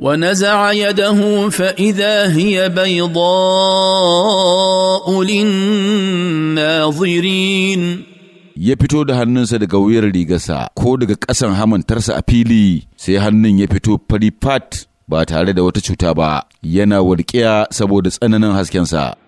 ونزع يده فاذا هي بيضاء للناظرين ya fito da hannunsa daga wuyar rigarsa ko daga ƙasan hamantarsa a fili sai hannun ya fito fari fat ba tare da wata cuta ba yana walƙiya saboda tsananin haskensa